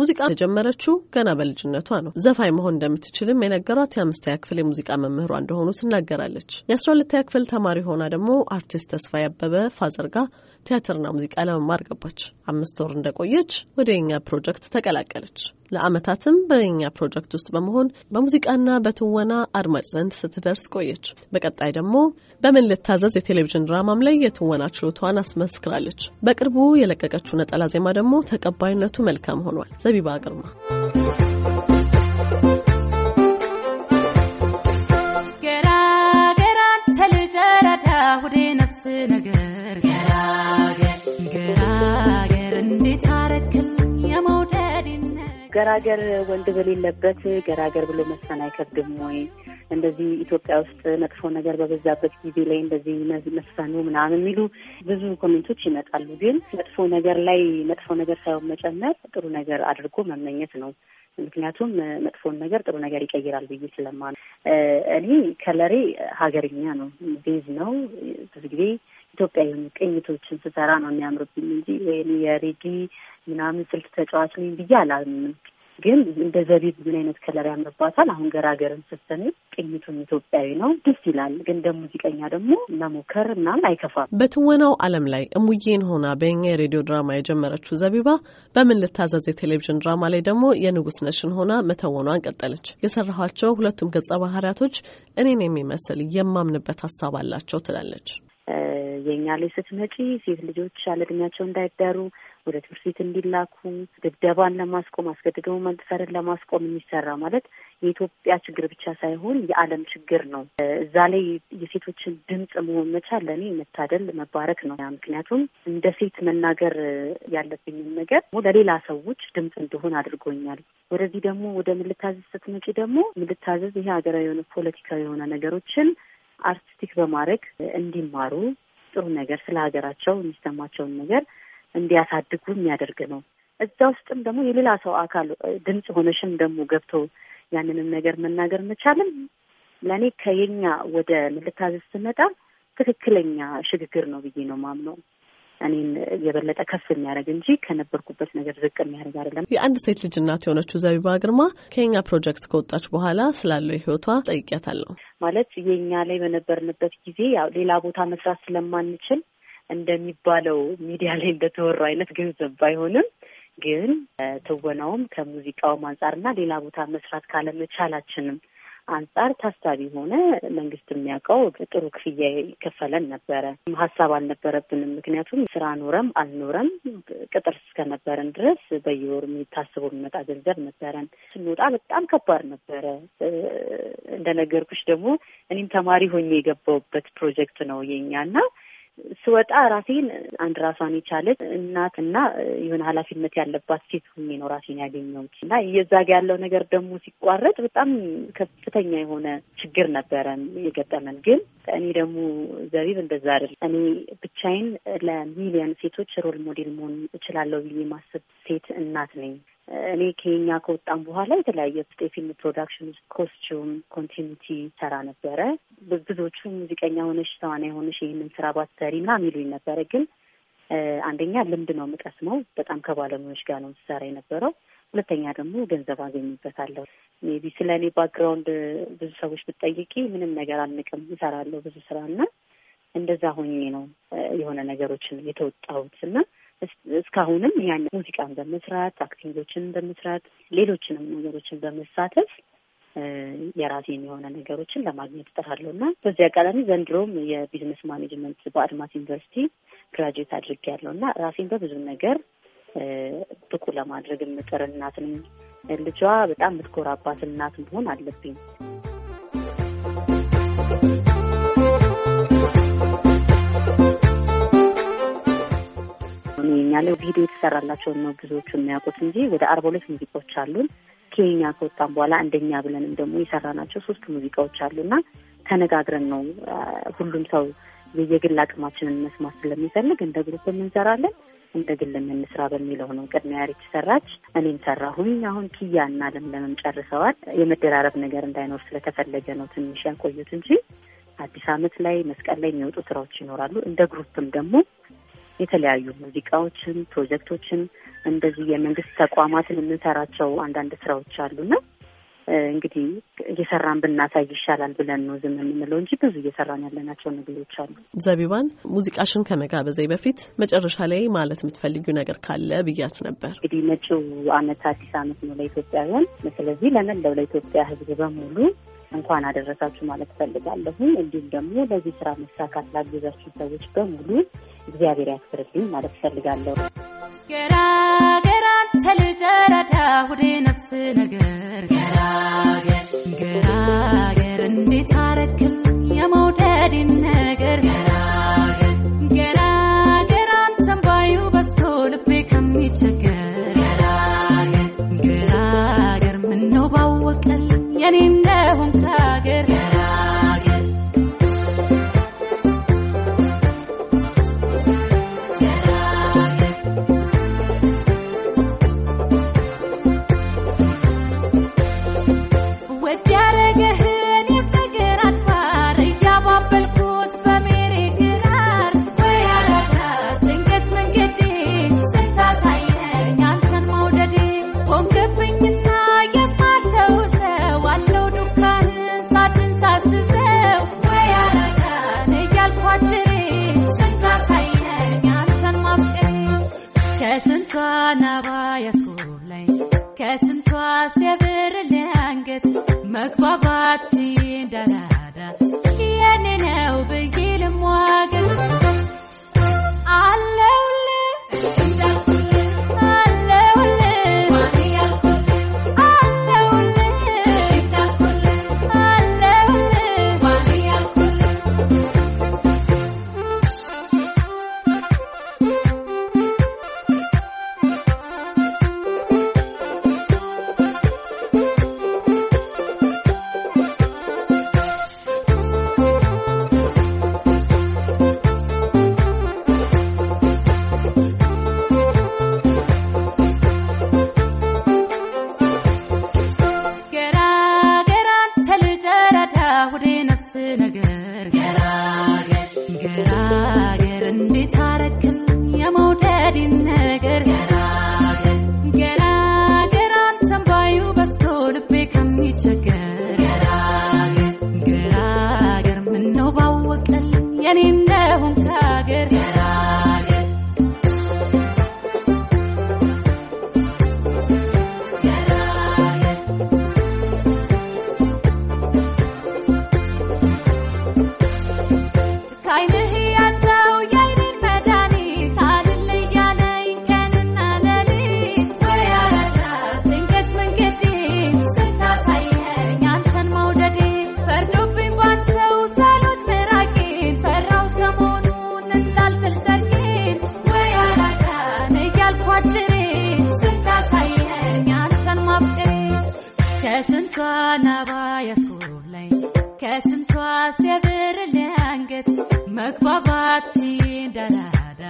ሙዚቃ የጀመረችው ገና በልጅነቷ ነው። ዘፋኝ መሆን እንደምትችልም የነገሯት የአምስተኛ ክፍል የሙዚቃ መምህሯ እንደሆኑ ትናገራለች። የአስራ ሁለተኛ ክፍል ተማሪ ሆና ደግሞ አርቲስት ተስፋ ያበበ ፋዘር ጋር ቲያትርና ሙዚቃ ለመማር ገባች። አምስት ወር እንደቆየች ወደ የኛ ፕሮጀክት ተቀላቀለች። ለአመታትም በኛ ፕሮጀክት ውስጥ በመሆን በሙዚቃና በትወና አድማጭ ዘንድ ስትደርስ ቆየች። በቀጣይ ደግሞ በምን ልታዘዝ የቴሌቪዥን ድራማም ላይ የትወና ችሎቷን አስመስክራለች። በቅርቡ የለቀቀችው ነጠላ ዜማ ደግሞ ተቀባይነቱ መልካም ሆኗል። ዘቢባ ግርማ ነገር ገራገር ገራገር እንዴት አረክል ገራገር ወንድ በሌለበት ገራገር ብሎ መሳን አይከብድም ወይ? እንደዚህ ኢትዮጵያ ውስጥ መጥፎ ነገር በበዛበት ጊዜ ላይ እንደዚህ መስፈኑ ምናምን የሚሉ ብዙ ኮሜንቶች ይመጣሉ። ግን መጥፎ ነገር ላይ መጥፎ ነገር ሳይሆን መጨመር ጥሩ ነገር አድርጎ መመኘት ነው። ምክንያቱም መጥፎን ነገር ጥሩ ነገር ይቀይራል ብዬ ስለማ እኔ ከለሬ ሀገርኛ ነው፣ ቤዝ ነው። ብዙ ጊዜ ኢትዮጵያ የሆኑ ቅኝቶችን ስሰራ ነው የሚያምርብኝ እንጂ ወይም የሬጊ ምናምን ስልት ተጫዋች ነኝ ብዬ አላምንም። ግን እንደ ዘቢብ ምን አይነት ከለር ያምርባታል። አሁን ገራገርን ስትሰሚ ቅኝቱም ኢትዮጵያዊ ነው፣ ደስ ይላል። ግን እንደ ሙዚቀኛ ደግሞ መሞከር ምናምን አይከፋም። በትወናው ዓለም ላይ እሙዬን ሆና በኛ የሬዲዮ ድራማ የጀመረችው ዘቢባ በምን ልታዘዝ የቴሌቪዥን ድራማ ላይ ደግሞ የንጉስ ነሽን ሆና መተወኗን ቀጠለች። የሰራኋቸው ሁለቱም ገጸ ባህሪያቶች እኔን የሚመስል የማምንበት ሀሳብ አላቸው ትላለች። የእኛ ላይ ስትመጪ ሴት ልጆች ያለ እድሜያቸው እንዳይዳሩ ወደ ትምህርት ቤት እንዲላኩ፣ ድብደባን ለማስቆም አስገድዶ መድፈርን ለማስቆም የሚሰራ ማለት የኢትዮጵያ ችግር ብቻ ሳይሆን የዓለም ችግር ነው። እዛ ላይ የሴቶችን ድምፅ መሆን መቻል ለእኔ መታደል መባረክ ነው። ምክንያቱም እንደ ሴት መናገር ያለብኝን ነገር ለሌላ ሰዎች ድምፅ እንደሆን አድርጎኛል። ወደዚህ ደግሞ ወደ ምልታዘዝ ስትመጪ ደግሞ ምልታዘዝ ይሄ ሀገራዊ የሆነ ፖለቲካዊ የሆነ ነገሮችን አርቲስቲክ በማድረግ እንዲማሩ ጥሩ ነገር ስለ ሀገራቸው የሚሰማቸውን ነገር እንዲያሳድጉ የሚያደርግ ነው። እዛ ውስጥም ደግሞ የሌላ ሰው አካል ድምፅ ሆነሽም ደግሞ ገብቶ ያንንም ነገር መናገር መቻልም ለእኔ ከየኛ ወደ ምልታዘዝ ስመጣ ትክክለኛ ሽግግር ነው ብዬ ነው ማምነው። እኔን የበለጠ ከፍ የሚያደርግ እንጂ ከነበርኩበት ነገር ዝቅ የሚያደርግ አይደለም። የአንድ ሴት ልጅ እናት የሆነችው ዘቢባ ግርማ ከኛ ፕሮጀክት ከወጣች በኋላ ስላለው ህይወቷ ጠይቄያታለሁ። ማለት የኛ ላይ በነበርንበት ጊዜ ያው ሌላ ቦታ መስራት ስለማንችል እንደሚባለው ሚዲያ ላይ እንደተወራ አይነት ገንዘብ ባይሆንም ግን ትወናውም ከሙዚቃውም አንጻርና ሌላ ቦታ መስራት ካለመቻላችንም አንጻር ታሳቢ ሆነ መንግስት የሚያውቀው ጥሩ ክፍያ ይከፈለን ነበረ። ሀሳብ አልነበረብንም። ምክንያቱም ስራ ኖረም አልኖረም ቅጥር እስከነበረን ድረስ በየወሩ የሚታስቡ የሚመጣ ገንዘብ ነበረን። ስንወጣ በጣም ከባድ ነበረ። እንደነገርኩሽ ደግሞ እኔም ተማሪ ሆኜ የገባውበት ፕሮጀክት ነው የኛና ስወጣ ራሴን አንድ ራሷን የቻለች እናትና የሆነ ኃላፊነት ያለባት ሴት ሁኜ ነው ራሴን ያገኘሁት እና እየዛ ጋ ያለው ነገር ደግሞ ሲቋረጥ በጣም ከፍተኛ የሆነ ችግር ነበረ የገጠመን። ግን እኔ ደግሞ ዘቢብ እንደዛ አይደለም። እኔ ብቻዬን ለሚሊዮን ሴቶች ሮል ሞዴል መሆን እችላለሁ ብዬ ማሰብ ሴት እናት ነኝ። እኔ ከኛ ከወጣም በኋላ የተለያየ የፊልም ፕሮዳክሽን ውስጥ ኮስቹም ኮንቲኒቲ ሰራ ነበረ። ብዙዎቹ ሙዚቀኛ ሆነሽ ተዋናይ ሆነሽ ይህንን ስራ ባትሰሪ እና ሚሉኝ ነበረ። ግን አንደኛ ልምድ ነው የምቀስመው፣ በጣም ከባለሙያዎች ጋር ነው የምሰራ የነበረው። ሁለተኛ ደግሞ ገንዘብ አገኝበታለሁ። ሜይ ቢ ስለ እኔ ባክግራውንድ ብዙ ሰዎች ብትጠይቂ ምንም ነገር አንቅም እሰራለሁ ብዙ ስራ እና እንደዛ ሆኜ ነው የሆነ ነገሮችን የተወጣሁት እና እስካሁንም ያን ሙዚቃን በመስራት አክቲንጎችን በመስራት ሌሎችንም ነገሮችን በመሳተፍ የራሴን የሆነ ነገሮችን ለማግኘት እጥራለሁ እና በዚህ አጋጣሚ ዘንድሮም የቢዝነስ ማኔጅመንት በአድማስ ዩኒቨርሲቲ ግራጁዌት ያለው እና ራሴን በብዙ ነገር ብቁ ለማድረግ የምጥር እናት ነኝ። ልጇ በጣም የምትኮራባት እናት መሆን አለብኝ። ላይ ቪዲዮ የተሰራላቸውን ነው ብዙዎቹ የሚያውቁት እንጂ ወደ አርባ ሁለት ሙዚቃዎች አሉን። ኬኛ ከወጣም በኋላ አንደኛ ብለንም ደግሞ የሰራናቸው ሶስት ሙዚቃዎች አሉና ተነጋግረን ነው ሁሉም ሰው የግል አቅማችንን መስማት ስለሚፈልግ እንደ ግሩፕ እንሰራለን እንደ ግል የምንስራ በሚለው ነው። ቅድሚያ ያሬች ሰራች፣ እኔም ሰራሁኝ። አሁን ኪያ እና ለምለምም ጨርሰዋል። የመደራረብ ነገር እንዳይኖር ስለተፈለገ ነው ትንሽ ያቆዩት እንጂ አዲስ ዓመት ላይ መስቀል ላይ የሚወጡ ስራዎች ይኖራሉ። እንደ ግሩፕም ደግሞ የተለያዩ ሙዚቃዎችን፣ ፕሮጀክቶችን እንደዚህ የመንግስት ተቋማትን የምንሰራቸው አንዳንድ ስራዎች አሉና እንግዲህ እየሰራን ብናሳይ ይሻላል ብለን ነው ዝም የምንለው እንጂ ብዙ እየሰራን ያለናቸው ነገሮች አሉ። ዘቢባን ሙዚቃሽን ከመጋበዜ በፊት መጨረሻ ላይ ማለት የምትፈልጊው ነገር ካለ ብያት ነበር። እንግዲህ መጪው አመት አዲስ አመት ነው ለኢትዮጵያውያን። ስለዚህ ለመላው ለኢትዮጵያ ህዝብ በሙሉ እንኳን አደረሳችሁ ማለት እፈልጋለሁ። እንዲሁም ደግሞ ለዚህ ስራ መሳካት ላገዛችሁ ሰዎች በሙሉ እግዚአብሔር ያክብርልኝ ማለት እፈልጋለሁ። ገራ ተልጨረዳ ሁዴ ነፍስ ነገር ገራገር ገራገር እንዴት አረክል የመውደድን ነገር ሰንባዩ በዝቶ ልቤ ከሚቸገር ምነው ባወቀል የኔነ गहरा da da. መግባባት ሲንደራዳ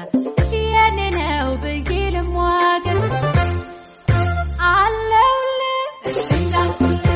የኔ ነው ብዬ ልሟገር አለውል እሽላኩል